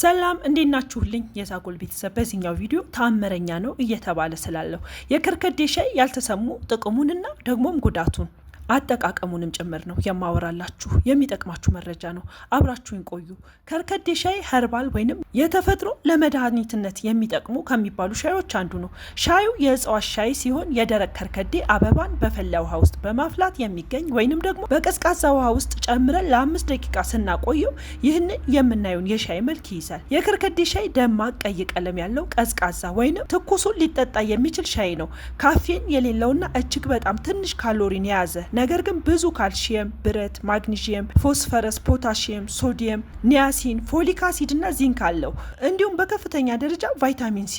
ሰላም እንዴት ናችሁልኝ? የዛጎል ቤተሰብ በዚህኛው ቪዲዮ ታምረኛ ነው እየተባለ ስላለው የከርከዴ ሻይ ያልተሰሙ ጥቅሙንና ደግሞም ጉዳቱን አጠቃቀሙንም ጭምር ነው የማወራላችሁ። የሚጠቅማችሁ መረጃ ነው። አብራችሁን ቆዩ። ከርከዴ ሻይ ኸርባል ወይንም የተፈጥሮ ለመድኃኒትነት የሚጠቅሙ ከሚባሉ ሻዮች አንዱ ነው። ሻዩ የእጽዋት ሻይ ሲሆን የደረቅ ከርከዴ አበባን በፈላ ውሃ ውስጥ በማፍላት የሚገኝ ወይንም ደግሞ በቀዝቃዛ ውሃ ውስጥ ጨምረን ለአምስት ደቂቃ ስናቆየው ይህንን የምናየውን የሻይ መልክ ይይዛል። የከርከዴ ሻይ ደማቅ ቀይ ቀለም ያለው ቀዝቃዛ ወይንም ትኩሱን ሊጠጣ የሚችል ሻይ ነው። ካፌን የሌለውና እጅግ በጣም ትንሽ ካሎሪን የያዘ ነገር ግን ብዙ ካልሽየም፣ ብረት፣ ማግኒዥየም፣ ፎስፈረስ፣ ፖታሽየም፣ ሶዲየም፣ ኒያሲን፣ ፎሊክ አሲድ እና ዚንክ አለው። እንዲሁም በከፍተኛ ደረጃ ቫይታሚን ሲ።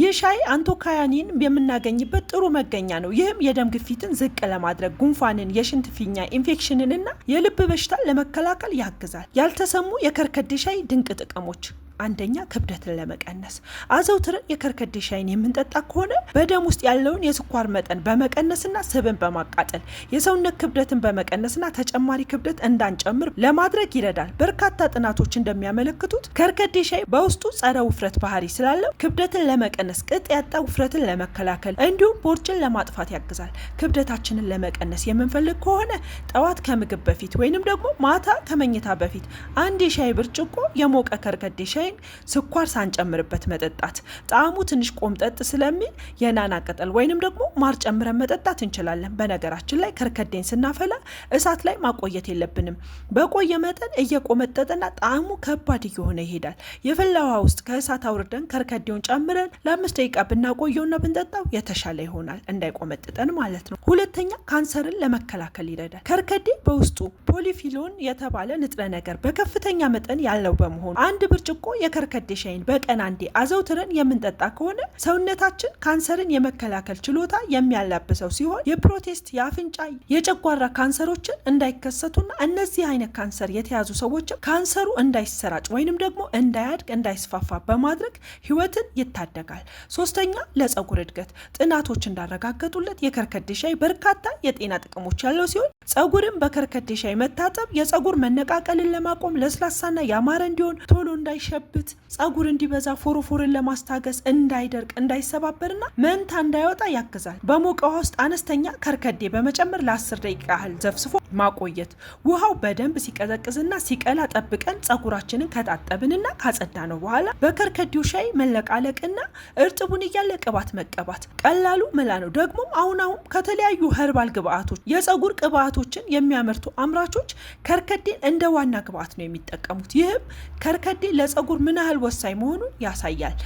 ይህ ሻይ አንቶካያኒን የምናገኝበት ጥሩ መገኛ ነው። ይህም የደም ግፊትን ዝቅ ለማድረግ ጉንፋንን፣ የሽንት ፊኛ ኢንፌክሽንን እና የልብ በሽታን ለመከላከል ያግዛል። ያልተሰሙ የከርከዴ ሻይ ድንቅ ጥቅሞች አንደኛ ክብደትን ለመቀነስ አዘውትረን የከርከዴ ሻይን የምንጠጣ ከሆነ በደም ውስጥ ያለውን የስኳር መጠን በመቀነስና ስብን በማቃጠል የሰውነት ክብደትን በመቀነስና ተጨማሪ ክብደት እንዳንጨምር ለማድረግ ይረዳል። በርካታ ጥናቶች እንደሚያመለክቱት ከርከዴ ሻይ በውስጡ ጸረ ውፍረት ባህሪ ስላለው ክብደትን ለመቀነስ፣ ቅጥ ያጣ ውፍረትን ለመከላከል እንዲሁም ቦርጭን ለማጥፋት ያግዛል። ክብደታችንን ለመቀነስ የምንፈልግ ከሆነ ጠዋት ከምግብ በፊት ወይንም ደግሞ ማታ ከመኝታ በፊት አንድ የሻይ ብርጭቆ የሞቀ ከርከዴ ሻይ ሻይን ስኳር ሳንጨምርበት መጠጣት ጣዕሙ ትንሽ ቆምጠጥ ስለሚል የናና ቅጠል ወይንም ደግሞ ማር ጨምረን መጠጣት እንችላለን። በነገራችን ላይ ከርከዴን ስናፈላ እሳት ላይ ማቆየት የለብንም። በቆየ መጠን እየቆመጠጠና ጣዕሙ ከባድ እየሆነ ይሄዳል። የፍላዋ ውስጥ ከእሳት አውርደን ከርከዴውን ጨምረን ለአምስት ደቂቃ ብናቆየውና ብንጠጣው የተሻለ ይሆናል፣ እንዳይቆመጥጠን ማለት ነው። ሁለተኛ ካንሰርን ለመከላከል ይረዳል። ከርከዴ በውስጡ ፖሊፊሎን የተባለ ንጥረ ነገር በከፍተኛ መጠን ያለው በመሆኑ አንድ ብርጭቆ የከርከዴ ሻይን በቀን አንዴ አዘውትረን የምንጠጣ ከሆነ ሰውነታችን ካንሰርን የመከላከል ችሎታ የሚያላብሰው ሲሆን የፕሮቴስት፣ የአፍንጫ፣ የጨጓራ ካንሰሮችን እንዳይከሰቱና እነዚህ አይነት ካንሰር የተያዙ ሰዎችም ካንሰሩ እንዳይሰራጭ ወይንም ደግሞ እንዳያድግ፣ እንዳይስፋፋ በማድረግ ህይወትን ይታደጋል። ሶስተኛ ለጸጉር እድገት ጥናቶች እንዳረጋገጡለት የከርከዴ ሻይ በርካታ የጤና ጥቅሞች ያለው ሲሆን ጸጉርን በከርከዴ ሻይ መታጠብ የጸጉር መነቃቀልን ለማቆም ለስላሳና ያማረ እንዲሆን ቶሎ እንዳይሸ እንዲያብት ጸጉር እንዲበዛ ፎሮፎርን ለማስታገስ እንዳይደርቅ እንዳይሰባበርና መንታ እንዳይወጣ ያግዛል። በሞቀ ውሃ ውስጥ አነስተኛ ከርከዴ በመጨመር ለ10 ደቂቃ ያህል ዘፍስፎ ማቆየት ውሃው በደንብ ሲቀዘቅዝና ሲቀላ ጠብቀን ጸጉራችንን ከታጠብንና ካጸዳ ነው በኋላ በከርከዴው ሻይ መለቃለቅና እርጥቡን እያለ ቅባት መቀባት ቀላሉ መላ ነው። ደግሞ አሁን አሁን ከተለያዩ ኸርባል ግብአቶች የጸጉር ቅብአቶችን የሚያመርቱ አምራቾች ከርከዴን እንደ ዋና ግብአት ነው የሚጠቀሙት። ይህም ከርከዴ ለጸጉር ምን ያህል ወሳኝ መሆኑን ያሳያል።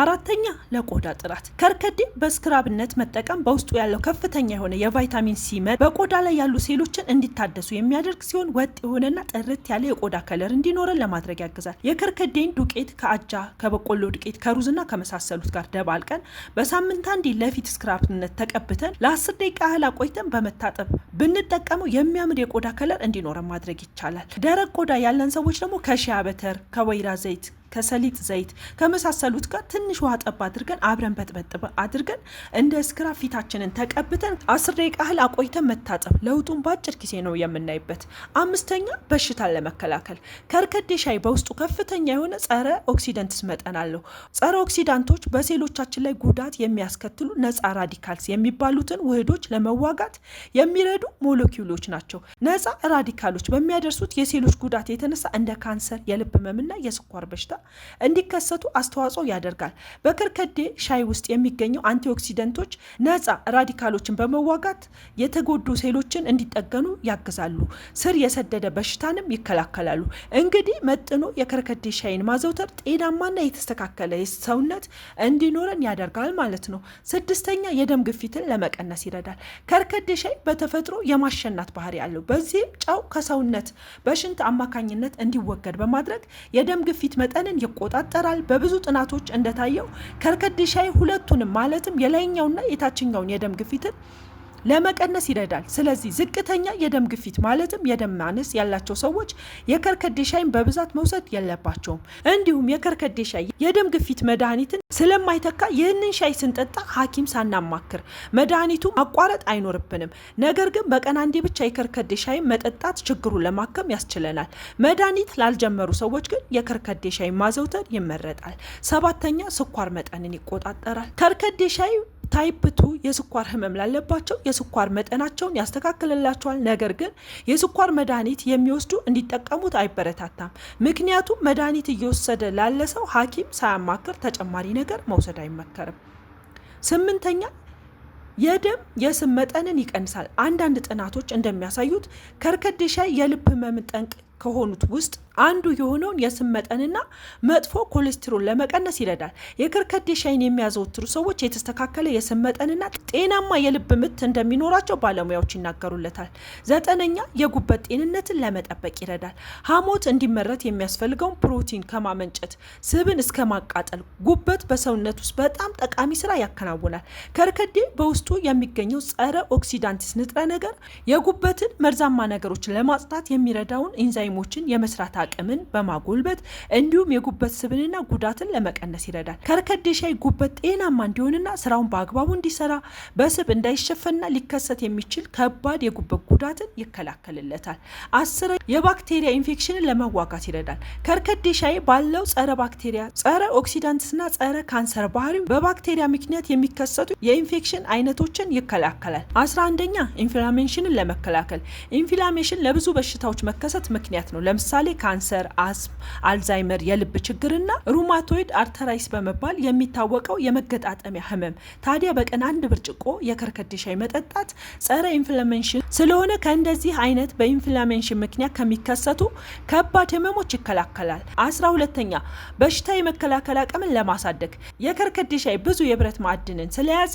አራተኛ ለቆዳ ጥራት ከርከዴ በስክራብነት መጠቀም በውስጡ ያለው ከፍተኛ የሆነ የቫይታሚን ሲ መ በቆዳ ላይ ያሉ ሴሎችን እንዲታደሱ የሚያደርግ ሲሆን ወጥ የሆነና ጥርት ያለ የቆዳ ከለር እንዲኖረን ለማድረግ ያግዛል። የከርከዴን ዱቄት ከአጃ፣ ከበቆሎ ዱቄት፣ ከሩዝና ከመሳሰሉት ጋር ደባልቀን በሳምንት አንዴ ለፊት ስክራብነት ተቀብተን ለአስር ደቂቃ ያህል አቆይተን በመታጠብ ብንጠቀመው የሚያምር የቆዳ ከለር እንዲኖረን ማድረግ ይቻላል። ደረቅ ቆዳ ያለን ሰዎች ደግሞ ከሺያ በተር፣ ከወይራ ዘይት ከሰሊጥ ዘይት ከመሳሰሉት ጋር ትንሽ ውሃ ጠብ አድርገን አብረን በጥበጥ አድርገን እንደ ስክራ ፊታችንን ተቀብተን አስር ደቂቃ ያህል አቆይተን መታጠብ ለውጡን በአጭር ጊዜ ነው የምናይበት። አምስተኛ በሽታን ለመከላከል ከርከዴ ሻይ በውስጡ ከፍተኛ የሆነ ጸረ ኦክሲደንትስ መጠን አለው። ጸረ ኦክሲዳንቶች በሴሎቻችን ላይ ጉዳት የሚያስከትሉ ነጻ ራዲካልስ የሚባሉትን ውህዶች ለመዋጋት የሚረዱ ሞለኪውሎች ናቸው። ነጻ ራዲካሎች በሚያደርሱት የሴሎች ጉዳት የተነሳ እንደ ካንሰር፣ የልብ ህመምና የስኳር በሽታ እንዲከሰቱ አስተዋጽኦ ያደርጋል። በከርከዴ ሻይ ውስጥ የሚገኘው አንቲኦክሲደንቶች ነፃ ራዲካሎችን በመዋጋት የተጎዱ ሴሎችን እንዲጠገኑ ያግዛሉ። ስር የሰደደ በሽታንም ይከላከላሉ። እንግዲህ መጥኖ የከርከዴ ሻይን ማዘውተር ጤናማና የተስተካከለ ሰውነት እንዲኖረን ያደርጋል ማለት ነው። ስድስተኛ የደም ግፊትን ለመቀነስ ይረዳል። ከርከዴ ሻይ በተፈጥሮ የማሸናት ባህሪ አለው። በዚህም ጨው ከሰውነት በሽንት አማካኝነት እንዲወገድ በማድረግ የደም ግፊት መጠን አካልን ይቆጣጠራል። በብዙ ጥናቶች እንደታየው ከርከዴ ሻይ ሁለቱንም ማለትም የላይኛውና የታችኛውን የደም ግፊትን ለመቀነስ ይረዳል። ስለዚህ ዝቅተኛ የደም ግፊት ማለትም የደም ማነስ ያላቸው ሰዎች የከርከዴ ሻይን በብዛት መውሰድ የለባቸውም። እንዲሁም የከርከዴ ሻይ የደም ግፊት መድኃኒትን ስለማይተካ ይህንን ሻይ ስንጠጣ ሐኪም ሳናማክር መድኃኒቱ ማቋረጥ አይኖርብንም። ነገር ግን በቀን አንዴ ብቻ የከርከዴ ሻይን መጠጣት ችግሩን ለማከም ያስችለናል። መድኃኒት ላልጀመሩ ሰዎች ግን የከርከዴ ሻይ ማዘውተር ይመረጣል። ሰባተኛ ስኳር መጠንን ይቆጣጠራል። ከርከዴ ሻይ ታይፕ ቱ የስኳር ህመም ላለባቸው የስኳር መጠናቸውን ያስተካክልላቸዋል። ነገር ግን የስኳር መድኃኒት የሚወስዱ እንዲጠቀሙት አይበረታታም። ምክንያቱም መድኃኒት እየወሰደ ላለ ሰው ሐኪም ሳያማክር ተጨማሪ ነገር መውሰድ አይመከርም። ስምንተኛ የደም የስብ መጠንን ይቀንሳል። አንዳንድ ጥናቶች እንደሚያሳዩት ከርከዴ ሻይ የልብ ህመም ጠንቅ ከሆኑት ውስጥ አንዱ የሆነውን የስብ መጠንና መጥፎ ኮሌስትሮል ለመቀነስ ይረዳል። የከርከዴ ሻይን የሚያዘወትሩ ሰዎች የተስተካከለ የስብ መጠንና ጤናማ የልብ ምት እንደሚኖራቸው ባለሙያዎች ይናገሩለታል። ዘጠነኛ የጉበት ጤንነትን ለመጠበቅ ይረዳል። ሐሞት እንዲመረት የሚያስፈልገውን ፕሮቲን ከማመንጨት ስብን እስከ ማቃጠል ጉበት በሰውነት ውስጥ በጣም ጠቃሚ ስራ ያከናውናል። ከርከዴ በውስጡ የሚገኘው ጸረ ኦክሲዳንትስ ንጥረ ነገር የጉበትን መርዛማ ነገሮችን ለማጽዳት የሚረዳውን ኢንዛይሞችን የመስራት አቅምን በማጎልበት እንዲሁም የጉበት ስብንና ጉዳትን ለመቀነስ ይረዳል። ከርከዴ ሻይ ጉበት ጤናማ እንዲሆንና ስራውን በአግባቡ እንዲሰራ በስብ እንዳይሸፈንና ሊከሰት የሚችል ከባድ የጉበት ጉዳትን ይከላከልለታል። አስረ የባክቴሪያ ኢንፌክሽንን ለመዋጋት ይረዳል። ከርከዴ ሻይ ባለው ጸረ ባክቴሪያ፣ ጸረ ኦክሲዳንትስና ጸረ ካንሰር ባህሪ በባክቴሪያ ምክንያት የሚከሰቱ የኢንፌክሽን አይነቶችን ይከላከላል። አስራ አንደኛ ኢንፍላሜሽንን ለመከላከል ኢንፍላሜሽን ለብዙ በሽታዎች መከሰት ምክንያት ነው። ለምሳሌ ካንሰር፣ አስም፣ አልዛይመር፣ የልብ ችግርና ሩማቶይድ አርተራይስ በመባል የሚታወቀው የመገጣጠሚያ ህመም። ታዲያ በቀን አንድ ብርጭቆ የከርከዴ ሻይ መጠጣት ጸረ ኢንፍላሜሽን ስለሆነ ከእንደዚህ አይነት በኢንፍላሜሽን ምክንያት ከሚከሰቱ ከባድ ህመሞች ይከላከላል። አስራ ሁለተኛ በሽታ የመከላከል አቅምን ለማሳደግ የከርከዴ ሻይ ብዙ የብረት ማዕድንን ስለያዘ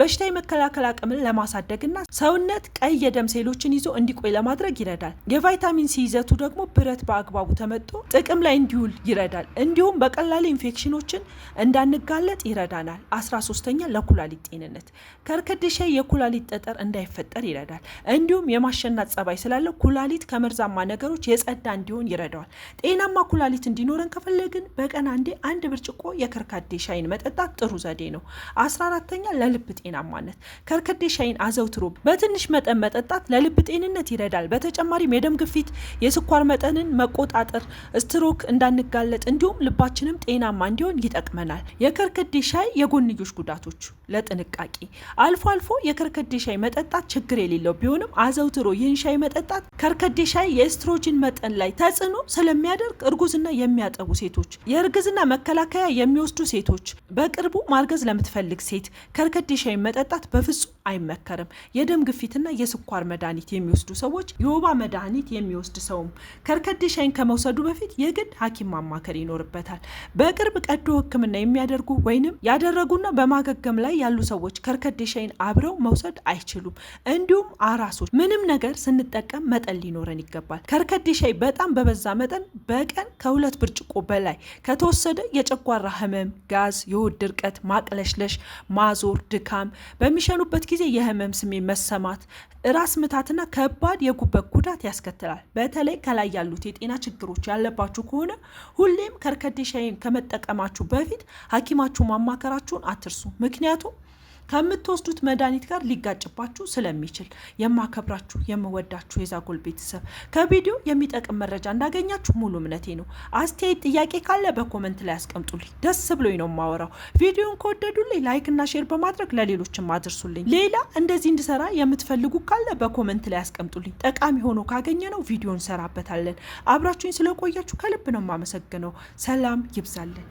በሽታ የመከላከል አቅምን ለማሳደግና ሰውነት ቀይ የደም ሴሎችን ይዞ እንዲቆይ ለማድረግ ይረዳል። የቫይታሚን ሲ ይዘቱ ደግሞ ብረት በአግባ በአግባቡ ተመጦ ጥቅም ላይ እንዲውል ይረዳል። እንዲሁም በቀላሉ ኢንፌክሽኖችን እንዳንጋለጥ ይረዳናል። አስራ ሶስተኛ ለኩላሊት ጤንነት ከርከዴ የኩላሊት ጠጠር እንዳይፈጠር ይረዳል። እንዲሁም የማሸናት ጸባይ ስላለው ኩላሊት ከመርዛማ ነገሮች የጸዳ እንዲሆን ይረዳዋል። ጤናማ ኩላሊት እንዲኖረን ከፈለግን በቀን አንዴ አንድ ብርጭቆ የከርከዴ ሻይን መጠጣት ጥሩ ዘዴ ነው። አስራ አራተኛ ለልብ ጤናማነት ከርከዴ ሻይን አዘውትሮ በትንሽ መጠን መጠጣት ለልብ ጤንነት ይረዳል። በተጨማሪም የደም ግፊት፣ የስኳር መጠንን መቆ መቆጣጠር፣ ስትሮክ እንዳንጋለጥ እንዲሁም ልባችንም ጤናማ እንዲሆን ይጠቅመናል። የከርከዴ ሻይ የጎንዮሽ ጉዳቶች ለጥንቃቄ አልፎ አልፎ የከርከዴ ሻይ መጠጣት ችግር የሌለው ቢሆንም አዘውትሮ ይህን ሻይ መጠጣት ከርከዴ ሻይ የኤስትሮጂን መጠን ላይ ተጽዕኖ ስለሚያደርግ እርጉዝና የሚያጠቡ ሴቶች፣ የእርግዝና መከላከያ የሚወስዱ ሴቶች፣ በቅርቡ ማርገዝ ለምትፈልግ ሴት ከርከዴ ሻይ መጠጣት በፍጹም አይመከርም። የደም ግፊትና የስኳር መድኃኒት የሚወስዱ ሰዎች፣ የወባ መድኃኒት የሚወስድ ሰውም ከርከዴ ሻይ መድኃኒት ከመውሰዱ በፊት የግድ ሐኪም ማማከር ይኖርበታል። በቅርብ ቀዶ ሕክምና የሚያደርጉ ወይንም ያደረጉና በማገገም ላይ ያሉ ሰዎች ከርከዴ ሻይን አብረው መውሰድ አይችሉም። እንዲሁም አራሶች፣ ምንም ነገር ስንጠቀም መጠን ሊኖረን ይገባል። ከርከዴ ሻይ በጣም በበዛ መጠን በቀን ከሁለት ብርጭቆ በላይ ከተወሰደ የጨጓራ ህመም፣ ጋዝ፣ የሆድ ድርቀት፣ ማቅለሽለሽ፣ ማዞር፣ ድካም፣ በሚሸኑበት ጊዜ የህመም ስሜት መሰማት፣ ራስ ምታትና ከባድ የጉበት ጉዳት ያስከትላል። በተለይ ከላይ ያሉት የጤና ችግሮች ያለባችሁ ከሆነ ሁሌም ከርከዴ ሻይን ከመጠቀማችሁ በፊት ሐኪማችሁ ማማከራችሁን አትርሱ። ምክንያቱም ከምትወስዱት መድኃኒት ጋር ሊጋጭባችሁ ስለሚችል የማከብራችሁ የምወዳችሁ የዛጎል ቤተሰብ ከቪዲዮ የሚጠቅም መረጃ እንዳገኛችሁ ሙሉ እምነቴ ነው። አስተያየት፣ ጥያቄ ካለ በኮመንት ላይ ያስቀምጡልኝ። ደስ ብሎኝ ነው የማወራው። ቪዲዮን ከወደዱልኝ ላይክና ሼር በማድረግ ለሌሎችም አድርሱልኝ። ሌላ እንደዚህ እንድሰራ የምትፈልጉ ካለ በኮመንት ላይ ያስቀምጡልኝ። ጠቃሚ ሆኖ ካገኘ ነው ቪዲዮ እንሰራበታለን። አብራችሁኝ ስለቆያችሁ ከልብ ነው የማመሰግነው። ሰላም ይብዛልን።